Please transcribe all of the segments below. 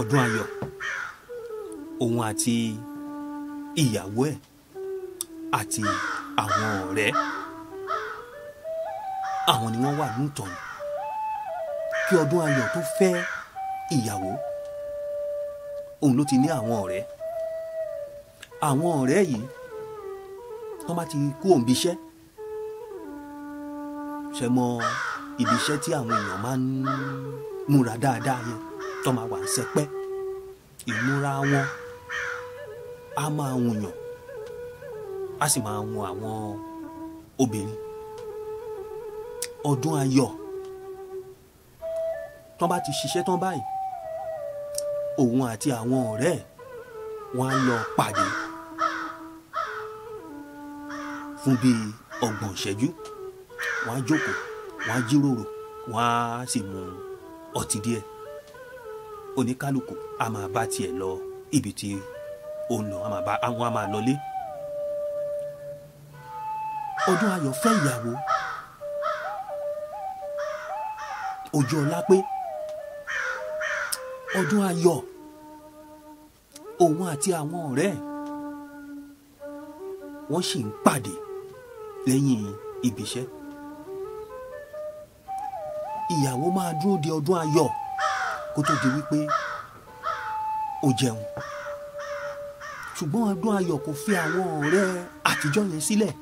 ọdún ayọ̀ òun àti ìyàwó ẹ̀ àti àwọn ọ̀rẹ́ àwọn ni wọ́n wà nítọ̀nù kí ọdún ayọ̀ tó fẹ́ ìyàwó òun ló ti ní àwọn ọ̀rẹ́ àwọn ọ̀rẹ́ yìí wọ́n bá ti kú òǹbi iṣẹ́ ṣe mọ ibi iṣẹ́ tí àwọn èèyàn máa ń múra dáadáa yẹn tó máa wà ń sẹpẹ́ ìmúra wọn á máa wùyàn á sì máa wù àwọn obìnrin ọdún ayọ̀ tán bá ti ṣiṣẹ́ tán báyìí òun àti àwọn ọ̀rẹ́ ẹ̀ wọ́n á lọ pàdé fún bíi ọgbọ̀n ìṣẹ́jú wọ́n á jókòó wọ́n á jíròrò wọ́n á sì mu ọtí díẹ̀ oníkálukú a máa bá tiẹ̀ lọ ibi tí ó ń lọ àwọn a máa lọlé. ọdún ayọ̀ fẹ́ ìyàwó ojú ọlá pé ọdún ayọ̀ òun àti àwọn ọ̀rẹ́ ẹ̀ wọ́n sì ń pàdé lẹ́yìn ibiṣẹ́ ìyàwó máa dúró de ọdún ayọ̀ kó tó di wípé ó jẹun ṣùgbọ́n ọdún ayọ̀ kò fi àwọn ọ̀rẹ́ àtijọ́ yẹn sílẹ̀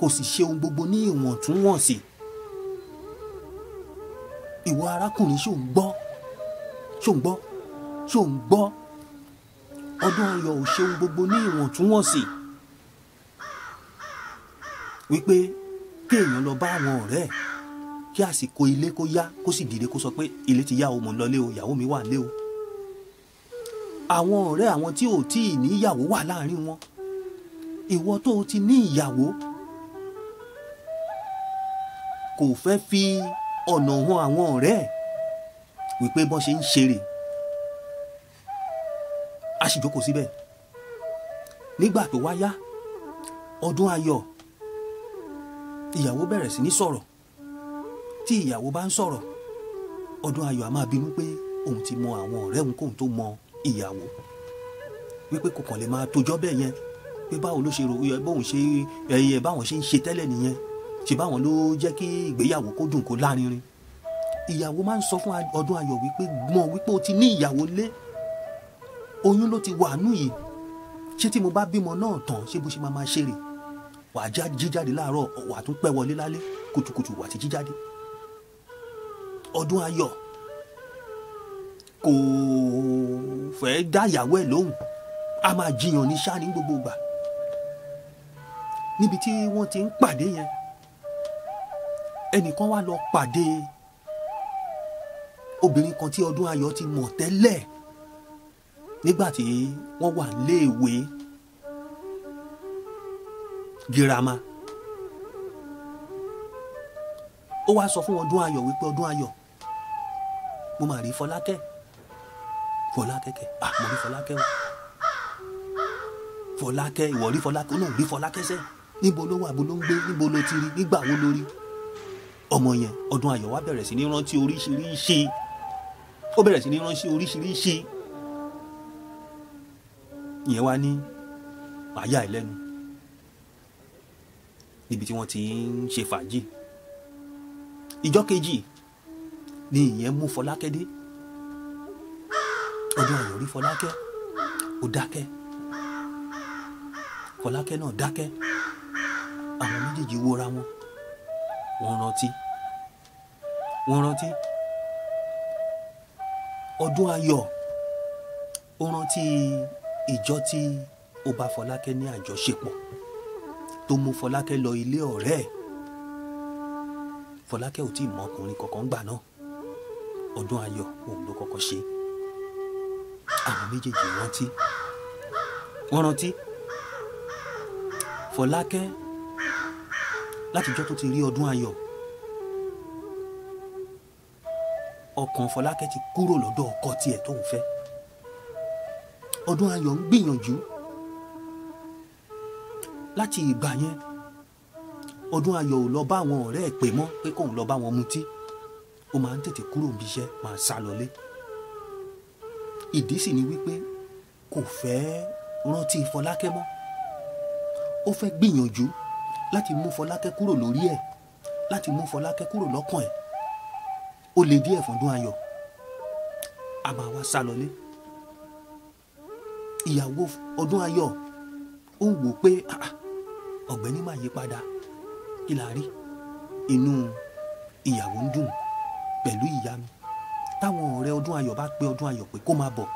kò sì ṣe ohun gbogbo ní ìwọ̀ntúnwọ̀nsì ìwọ arákùnrin ṣò ń gbọ́ ṣò ń gbọ́ ṣò ń gbọ́ ọdún ayọ̀ ò ṣe ohun gbogbo ní ìwọ̀ntúnwọ̀nsì wípé kéèyàn lọ bá àwọn ọ̀rẹ́ ẹ̀ kí àsìkò ilé kó yá kó sì dìde kó sọ pé ilé ti yá o mò ń lọlé o ìyàwó mi wà lé o àwọn ọ̀rẹ́ àwọn tí ò tí ì níyàwó wà láàrin wọn ìwọ tó o ti ní ìyàwó kò fẹ́ fi ọ̀nà hàn àwọn ọ̀rẹ́ ẹ̀ wípé bọ́n ṣe ń ṣeré a sì jókòó síbẹ̀ nígbà tó wáyá ọdún ayọ̀ ìyàwó bẹ̀rẹ̀ sí ní sọ̀rọ̀ tí ìyàwó bá ń sọ̀rọ̀ ọdún ayọ̀ a máa bínú pé òun ti mọ àwọn ọ̀rẹ́ òun kóun tó mọ ìyàwó wípé kò kàn lè máa tójọ́ bẹ́ẹ̀ yẹn pé báwo ló ṣe ròyìn bóun ṣe ẹyẹ báwọn ṣe ń ṣe tẹ́lẹ̀ nìyẹn ṣe báwọn ló jẹ́ kí ìgbéyàwó kó dùn kó lárinrin ìyàwó máa ń sọ fún ọdún ayọ̀ wípé mọ̀ wípé o ti ní ìyàwó lé oyún ló ti wà nù yìí ṣé tí mo bá bímọ náà tán ṣé bó ṣe máa máa ṣe rè wàá jíjáde láàárọ̀ wàá tún pẹ́ wọlé lálẹ́ kùtùkùtù wàá ti jíjáde ọdún ayọ̀ kò fẹ́ dá ìyàwó ẹ̀ lóhùn a máa jiyàn ní sáà ní gbogbo ìgbà níbi tí wọ́n ti ń pàdé yẹn ẹnìkan wá lọ pàdé obìnrin kan tí ọdún ayọ̀ ti mọ̀ tẹ́lẹ̀ nígbà tí wọ́n wà léèwé girama ó wá sọ fún ọdún ayọ̀ wípé ọdún ayọ̀ mo mà rí fọlákẹ́ fọlákẹ́ Ah, mo rí fọlákẹ́ o fọlákẹ́ ìwọ rí fọlákẹ́ olóhùn rí fọlákẹ́ sẹ́ níbo ló wà bó ló ń gbé níbo ló ti rí nígbà wo ló rí ọmọ yẹn ọdún ayọ̀ wa bẹ̀rẹ̀ sí ní rántí oríṣiríṣi ó bẹ̀rẹ̀ sí ní rántí oríṣiríṣi ìyẹn wá ní àyà ìlẹ́nu níbi tí wọ́n ti ń ṣe fàájì ìjọ́ kejì ni ìyẹn mú fọlákẹ́ dé ọdún ọ̀rọ̀ rí fọlákẹ́ ó dákẹ́ fọlákẹ́ náà dákẹ́ àwọn méjèèjì wóra wọn wọ́n rántí wọ́n rántí ọdún ayọ̀ ó rántí ìjọ tí ó bá fọlákẹ́ ní àjọṣepọ̀ tó mú fọlákẹ́ lọ ilé ọ̀rẹ́ ẹ̀ fọlákẹ́ ò tí ì mọ ọkùnrin kankan gbà náà ọdún ayọ̀ òun ló kọ́kọ́ ṣe àwọn méjèèjì rántí wọ́n rántí Fọlákẹ́ látijọ́ tó ti rí ọdún ayọ̀ ọkàn Fọlákẹ́ ti kúrò lọ́dọ̀ ọkọ tiẹ̀ tó ń fẹ́ ọdún ayọ̀ ń gbìyànjú láti ìgbà yẹn ọdún ayọ̀ ò lọ bá àwọn ọ̀rẹ́ ẹ̀ pè mọ́ pé kóun lọ bá wọn mutí ó máa ń tètè kúrò níbi iṣẹ́ máa sá lọlé ìdí sì ni wípé kò fẹ́ rántí fọlákẹ́ mọ́ ó fẹ́ gbìyànjú láti mú fọlákẹ́ kúrò lórí ẹ̀ láti mú fọlákẹ́ kúrò lọ́kàn ẹ̀ ó lè díẹ̀ fún dún ayọ̀ a máa wá sá lọlé ìyàwó ọdún ayọ̀ ó ń wò pé ọ̀gbẹ́ni máa yí padà kí la rí inú ìyàwó ń dùn pẹ̀lú ìyanu táwọn ọ̀rẹ́ ọdún ayọ̀ bá pé ọdún ayọ̀ pé kó máa bọ̀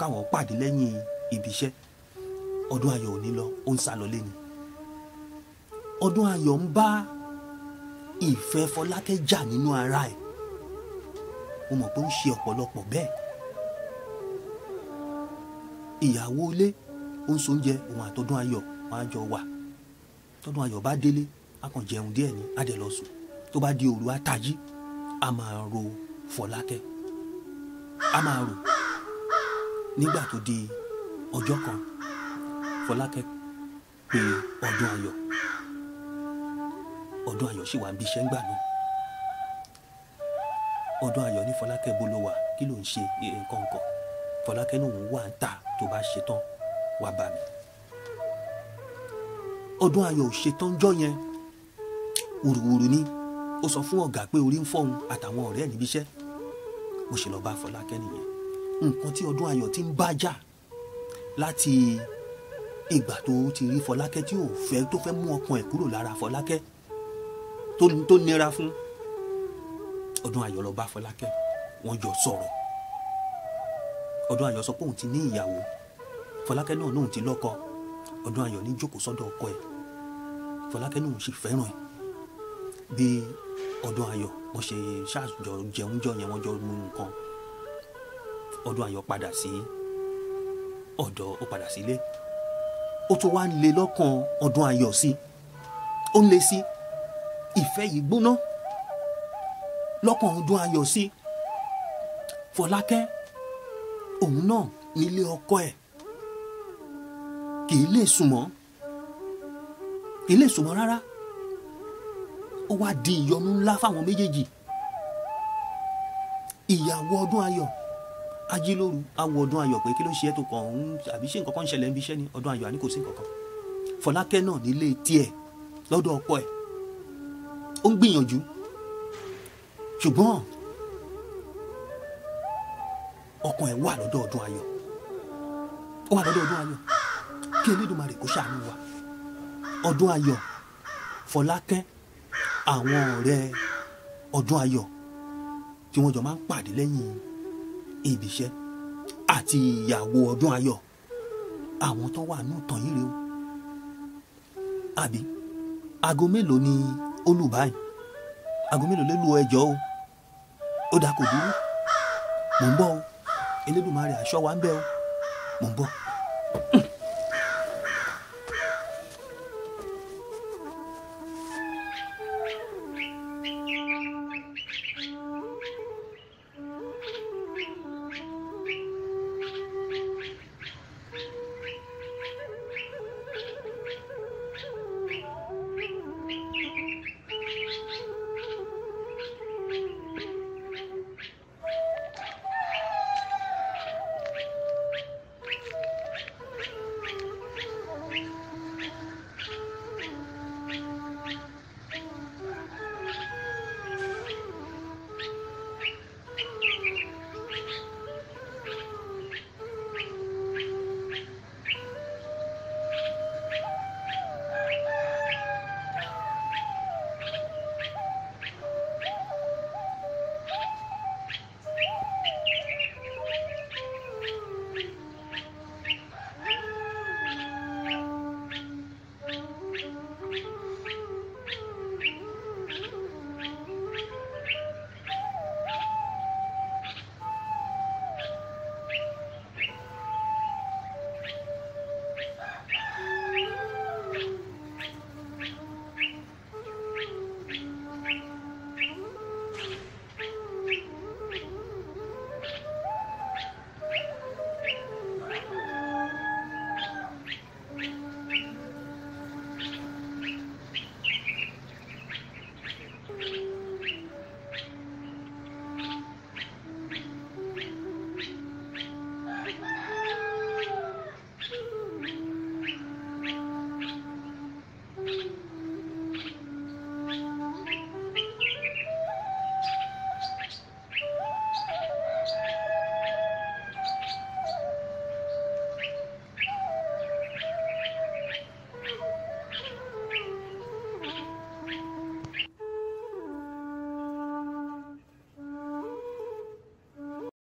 káwọn pàdé lẹ́yìn ibi iṣẹ́ ọdún ayọ̀ ò ní lọ ó ń sálọ lẹ́ni ọdún ayọ̀ ń bá ìfẹ́ Fọlákẹ́ jà nínú ara ẹ̀ mo mọ̀ pé ó ń ṣe ọ̀pọ̀lọpọ̀ bẹ́ẹ̀ ìyàwó ilé ó ń soúnjẹ òun àtọdún ayọ̀ wọn á jọ wà tọdún ayọ̀ bá délé a kàn jẹun díẹ̀ ni á dẹ̀ lọ sùn tó bá di òru á tají a máa ro fọlákẹ́ a máa rò nígbà tó di ọjọ́ kan fọlákẹ́ pé ọdún ayọ̀ ọdún ayọ̀ ṣì wà níbi iṣẹ́ ńgbà náà ọdún ayọ̀ ní fọlákẹ́ bó ló wà kí ló ń ṣe nǹkan kan fọlákẹ́ lòun wà ń tà tó bá ṣetán wá bá mi ọdún ayọ̀ ò ṣetán jọ́ yẹn wùrùwùrù ni ó sọ fún ọ̀gá pé orí ń fọ́ òun àtàwọn ọ̀rẹ́ ẹ̀ níbi iṣẹ́ mo ṣe lọ́ọ́ bá Fọlákẹ́ nìyẹn nǹkan tí ọdún ayọ̀ ti ń bá jà láti ìgbà tó ti rí Fọlákẹ́ tí ò fẹ́ tó fẹ́ mú ọkàn ẹ̀ kúrò lára Fọlákẹ́ tó nira fún ọdún ayọ̀ lọ bá Fọlákẹ́ wọ́n jọ sọ̀rọ̀ ọdún ayọ̀ sọ pé òun ti ní ìyàwó Fọlákẹ́ náà lóun ti lọ́kọ ọdún ayọ̀ ní jókòó sọ́dọ̀ ọkọ ẹ̀ Fọlákẹ́ náà òun sì fẹ́ràn ẹ̀ bí ọdún ayọ̀ wọ́n ṣe ṣàjọ jẹun jọ yẹn wọ́n jọ mú nǹkan ọdún ayọ̀ padà sí ọ̀dọ̀ ó padà sílé ó tún wá lé lọ́kàn ọdún ayọ̀ sí ó ń lé sí ìfẹ́ yìí gbóná lọ́kàn ọdún ayọ̀ sí fọlákẹ́ òun náà nílé ọkọ ẹ̀ kì í lè sùn mọ́ kì í lè sùn mọ́ rárá ó wá di ìyọnu ńlá fáwọn méjèèjì ìyàwó ọdún ayọ̀ ajílóru awọ ọdún ayọ̀ pé kí ló ṣe é tó kàn ń àbí ṣe nǹkan ṣẹlẹ̀ ń bí iṣẹ́ ni ọdún ayọ̀ àní kò sí nǹkan kan fọlákẹ́ náà nílé tiẹ̀ lọ́dọ̀ ọkọ ẹ̀ ó ń gbìyànjú ṣùgbọ́n ọkàn ẹ̀ wà lọ́dọ̀ ọdún ayọ̀ ó wà lọ́dọ̀ ọdún ayọ̀ kí Elédùmarè kó ṣàánú wa ọdún ayọ̀ fọlákẹ́ àwọn ọ̀rẹ́ ọdún ayọ̀ tí wọ́n jọ máa ń pàdé lẹ́yìn ibi iṣẹ́ àti ìyàwó ọdún ayọ̀ àwọn tó wà nù tàn yìí rè o àbí aago mélòó ni olùbáyìí aago mélòó lè lu ẹjọ́ o ó dà kò dúró mò ń bọ̀ o Elédùmarè aṣọ wa ń bẹ o mò ń bọ̀.